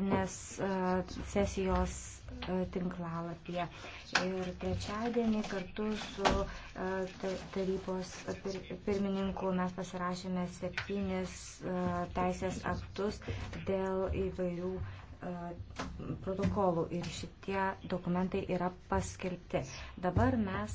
plenarnės e, sesijos e, tinklalapyje. Ir trečiadienį kartu su e, tarybos pirmininku mes pasirašėme septynis teisės aktus dėl įvairių protokolų ir šitie dokumentai yra paskelbti. Dabar mes